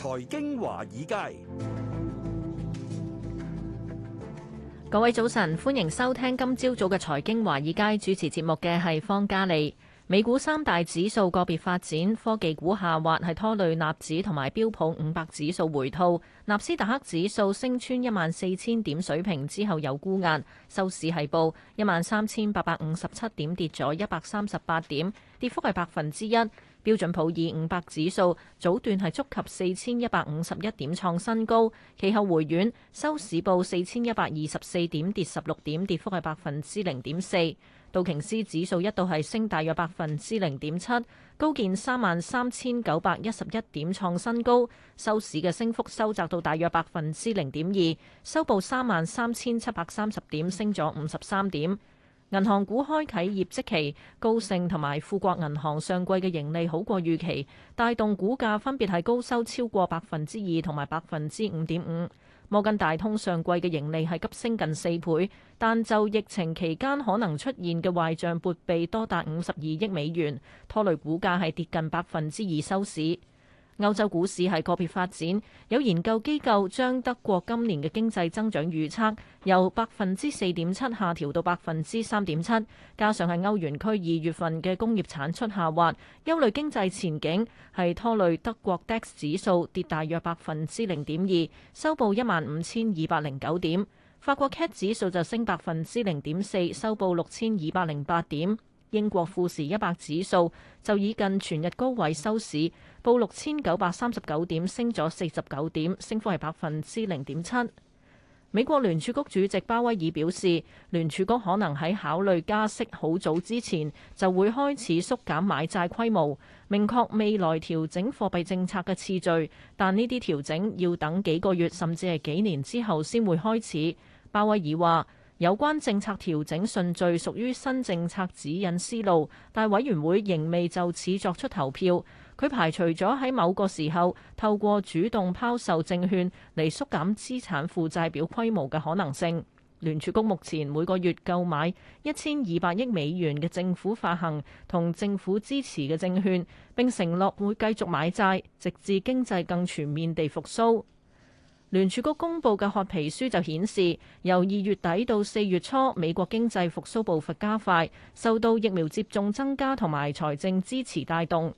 財經華爾街，各位早晨，歡迎收聽今朝早嘅財經華爾街，主持節目嘅係方嘉利，美股三大指數個別發展，科技股下滑係拖累納指同埋標普五百指數回吐，納斯達克指數升穿一萬四千點水平之後有沽壓，收市係報一萬三千八百五十七點，跌咗一百三十八點，跌幅係百分之一。標準普爾五百指數早段係觸及四千一百五十一點創新高，其後回軟，收市報四千一百二十四點，跌十六點，跌幅係百分之零點四。道瓊斯指數一度係升大約百分之零點七，高見三萬三千九百一十一點創新高，收市嘅升幅收窄到大約百分之零點二，收報三萬三千七百三十點，升咗五十三點。銀行股開啟業績期，高盛同埋富國銀行上季嘅盈利好過預期，帶動股價分別係高收超過百分之二同埋百分之五點五。摩根大通上季嘅盈利係急升近四倍，但就疫情期間可能出現嘅壞賬撥備多達五十二億美元，拖累股價係跌近百分之二收市。歐洲股市係個別發展，有研究機構將德國今年嘅經濟增長預測由百分之四點七下調到百分之三點七，加上係歐元區二月份嘅工業產出下滑，憂慮經濟前景，係拖累德國 DAX 指數跌大約百分之零點二，收報一萬五千二百零九點。法國 CAC 指數就升百分之零點四，收報六千二百零八點。英國富時一百指數就以近全日高位收市。報六千九百三十九點，升咗四十九點，升幅係百分之零點七。美國聯儲局主席鮑威爾表示，聯儲局可能喺考慮加息好早之前就會開始縮減買債規模，明確未來調整貨幣政策嘅次序。但呢啲調整要等幾個月甚至係幾年之後先會開始。鮑威爾話，有關政策調整順序屬於新政策指引思路，但委員會仍未就此作出投票。佢排除咗喺某個時候透過主動拋售證券嚟縮減資產負債表規模嘅可能性。聯儲局目前每個月購買一千二百億美元嘅政府發行同政府支持嘅證券，並承諾會繼續買債，直至經濟更全面地復甦。聯儲局公佈嘅褐皮書就顯示，由二月底到四月初，美國經濟復甦步伐加快，受到疫苗接種增加同埋財政支持帶動。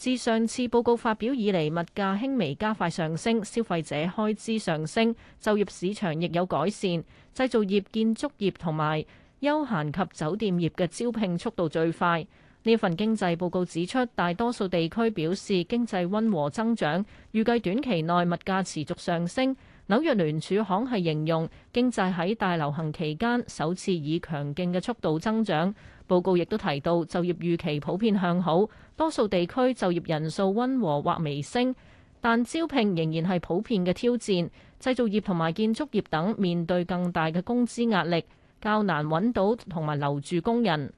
自上次報告發表以嚟，物價輕微加快上升，消費者開支上升，就業市場亦有改善。製造業、建築業同埋休閒及酒店業嘅招聘速度最快。呢份經濟報告指出，大多數地區表示經濟溫和增長，預計短期內物價持續上升。紐約聯儲行係形容經濟喺大流行期間首次以強勁嘅速度增長。報告亦都提到，就業預期普遍向好，多數地區就業人數溫和或微升，但招聘仍然係普遍嘅挑戰。製造業同埋建築業等面對更大嘅工資壓力，較難揾到同埋留住工人。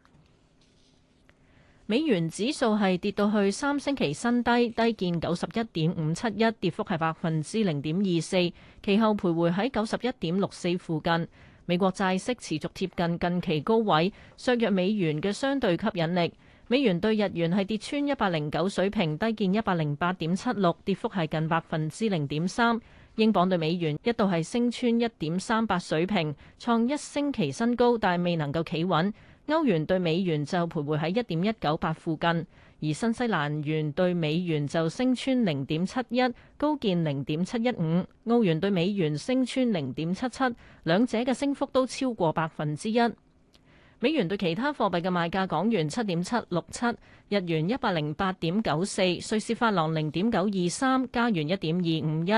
美元指數係跌到去三星期新低，低見九十一點五七一，跌幅係百分之零點二四，其後徘徊喺九十一點六四附近。美國債息持續貼近近期高位，削弱美元嘅相對吸引力。美元對日元係跌穿一百零九水平，低見一百零八點七六，跌幅係近百分之零點三。英鎊對美元一度係升穿一點三八水平，創一星期新高，但係未能夠企穩。歐元對美元就徘徊喺一點一九八附近。而新西蘭元對美元就升穿零點七一，高見零點七一五；澳元對美元升穿零點七七，兩者嘅升幅都超過百分之一。美元對其他貨幣嘅賣價：港元七點七六七，日元一百零八點九四，瑞士法郎零點九二三，加元一點二五一，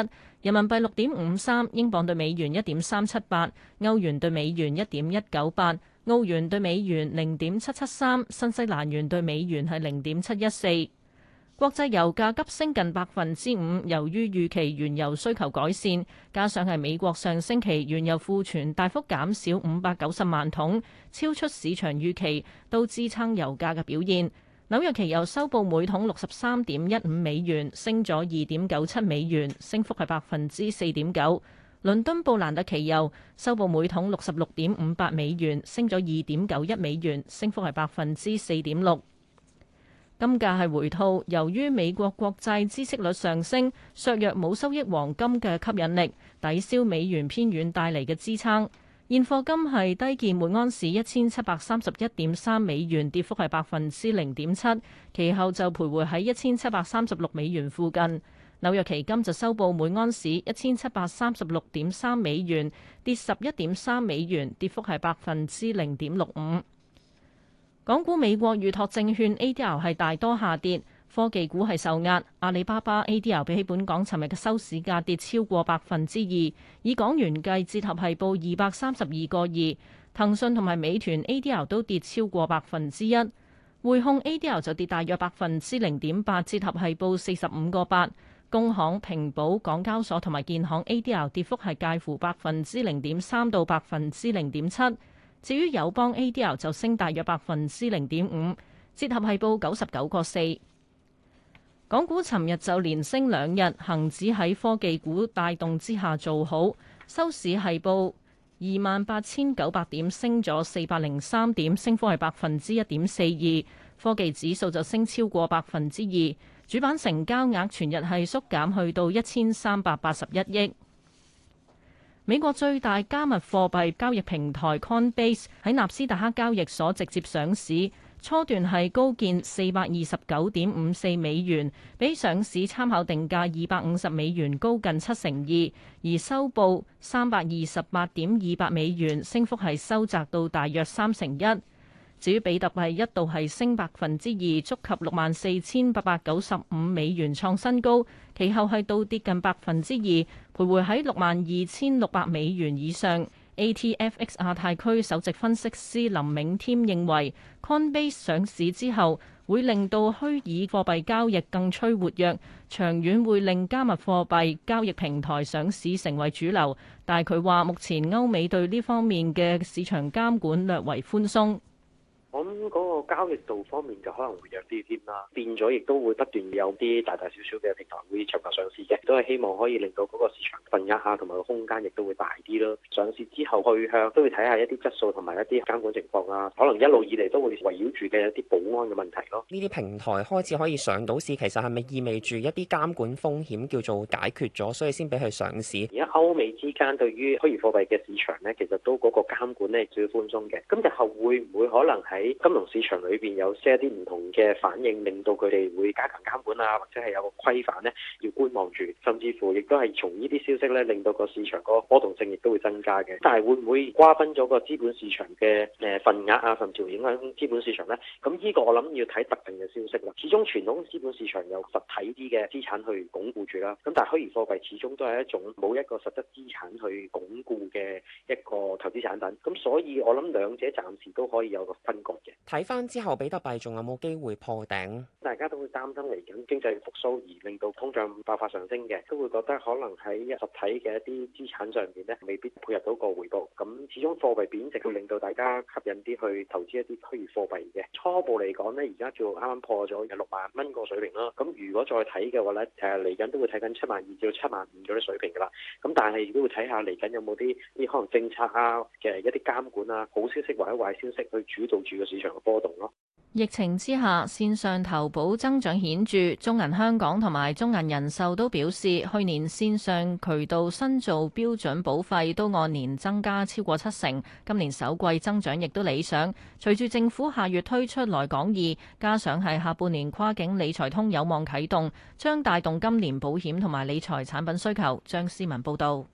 人民幣六點五三，英鎊對美元一點三七八，歐元對美元一點一九八。澳元兌美元零點七七三，新西蘭元兌美元係零點七一四。國際油價急升近百分之五，由於預期原油需求改善，加上係美國上星期原油庫存大幅減少五百九十萬桶，超出市場預期，都支撐油價嘅表現。紐約期油收報每桶六十三點一五美元，升咗二點九七美元，升幅係百分之四點九。倫敦布蘭特期油收報每桶六十六點五八美元，升咗二點九一美元，升幅係百分之四點六。金價係回吐，由於美國國債孳息率上升，削弱冇收益黃金嘅吸引力，抵消美元偏軟帶嚟嘅支撐。現貨金係低見每安士一千七百三十一點三美元，跌幅係百分之零點七，其後就徘徊喺一千七百三十六美元附近。紐約期金就收報每安士一千七百三十六點三美元，跌十一點三美元，跌幅係百分之零點六五。港股美國預託證券 ADR 係大多下跌，科技股係受壓。阿里巴巴 ADR 比起本港尋日嘅收市價跌超過百分之二，以港元計，折合係報二百三十二個二。騰訊同埋美團 ADR 都跌超過百分之一，匯控 ADR 就跌大約百分之零點八，折合係報四十五個八。工行、平保、港交所同埋建行 ADR 跌幅係介乎百分之零點三到百分之零點七。至於友邦 ADR 就升大約百分之零點五，折合係報九十九個四。港股尋日就連升兩日，恒指喺科技股帶動之下做好，收市係報二萬八千九百點，升咗四百零三點，升幅係百分之一點四二。科技指數就升超過百分之二。主板成交額全日係縮減去到一千三百八十一億。美國最大加密貨幣交易平台 Coinbase 喺納斯達克交易所直接上市，初段係高見四百二十九點五四美元，比上市參考定價二百五十美元高近七成二，而收報三百二十八點二八美元，升幅係收窄到大約三成一。至於比特幣一度係升百分之二，觸及六萬四千八百九十五美元創新高，其後係倒跌近百分之二，徘徊喺六萬二千六百美元以上。ATFX 亞太區首席分析師林銘添認為，Coinbase 上市之後會令到虛擬貨幣交易更趨活躍，長遠會令加密貨幣交易平台上市成為主流。但佢話，目前歐美對呢方面嘅市場監管略為寬鬆。咁嗰、嗯，嗰個交易度方面就可能會弱啲添啦，變咗亦都會不斷有啲大大小小嘅平台會尋求上市嘅，都係希望可以令到嗰個市場份額啊，同埋個空間亦都會大啲咯。上市之後去向都會睇下一啲質素同埋一啲監管情況啦、啊。可能一路以嚟都會圍繞住嘅一啲保安嘅問題咯。呢啲平台開始可以上到市，其實係咪意味住一啲監管風險叫做解決咗，所以先俾佢上市？而家歐美之間對於虛擬貨幣嘅市場咧，其實都嗰個監管咧最寬鬆嘅，咁日後會唔會可能係？喺金融市場裏邊有些啲唔同嘅反應，令到佢哋會加強監管啊，或者係有個規範咧，要觀望住，甚至乎亦都係從呢啲消息咧，令到個市場個波動性亦都會增加嘅。但係會唔會瓜分咗個資本市場嘅誒份額啊，甚至會影響資本市場咧？咁呢個我諗要睇特定嘅消息啦。始終傳統資本市場有實體啲嘅資產去鞏固住啦。咁但係虛擬貨幣始終都係一種冇一個實質資產去鞏固嘅一個投資產品。咁所以我諗兩者暫時都可以有個分隔。睇翻之後，比特幣仲有冇機會破頂？大家都會擔心嚟緊經濟復甦而令到通脹爆發上升嘅，都會覺得可能喺實體嘅一啲資產上面咧，未必配入到個回報。咁始終貨幣貶值會令到大家吸引啲去投資一啲虛擬貨幣嘅。初步嚟講咧，而家就啱啱破咗六萬蚊個水平啦。咁如果再睇嘅話咧，誒嚟緊都會睇緊七萬二至到七萬五嗰啲水平噶啦。咁但係亦都會睇下嚟緊有冇啲啲可能政策啊，其實一啲監管啊，好消息或者壞消息去主導住。市場嘅波動咯。疫情之下，線上投保增長顯著，中銀香港同埋中銀人壽都表示，去年線上渠道新造標準保費都按年增加超過七成，今年首季增長亦都理想。隨住政府下月推出來港易，加上係下半年跨境理財通有望啟動，將帶動今年保險同埋理財產品需求。張思文報導。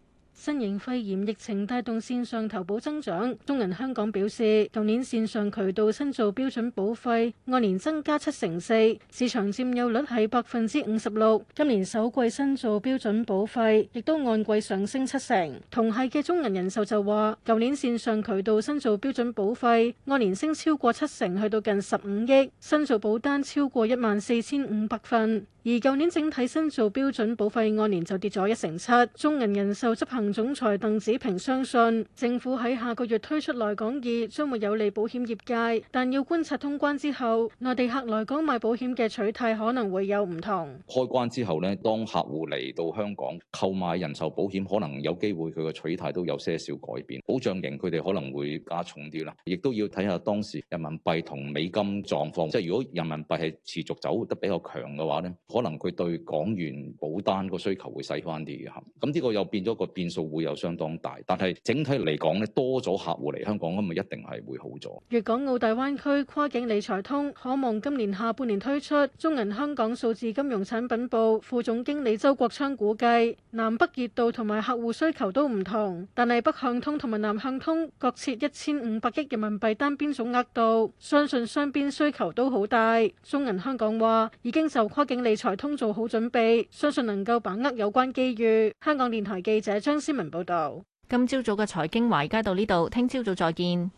新型肺炎疫情帶動線上投保增長，中銀香港表示，舊年線上渠道新造標準保費按年增加七成四，市場佔有率係百分之五十六。今年首季新造標準保費亦都按季上升七成。同係嘅中銀人壽就話，舊年線上渠道新造標準保費按年升超過七成，去到近十五億，新造保單超過一萬四千五百份。而舊年整體新造標準保費按年就跌咗一成七，中銀人壽執行總裁鄧子平相信政府喺下個月推出來港易，將會有利保險業界，但要觀察通關之後，內地客來港買保險嘅取締可能會有唔同。開關之後呢，當客戶嚟到香港購買人壽保險，可能有機會佢嘅取締都有些少改變。保障型佢哋可能會加重啲啦，亦都要睇下當時人民幣同美金狀況。即係如果人民幣係持續走得比較強嘅話呢，可能佢對港元保單個需求會細翻啲嘅。咁呢個又變咗個變數。會有相當大，但係整體嚟講咧，多咗客戶嚟香港咁，咪一定係會好咗。粵港澳大灣區跨境理財通可望今年下半年推出。中銀香港數字金融產品部副總經理周國昌估計南北熱度同埋客戶需求都唔同，但係北向通同埋南向通各設一千五百億人民幣單邊總額度，相信雙邊需求都好大。中銀香港話已經就跨境理財通做好準備，相信能夠把握有關機遇。香港電台記者張。郭思報道，今朝早嘅財經華爾街到呢度，聽朝早再見。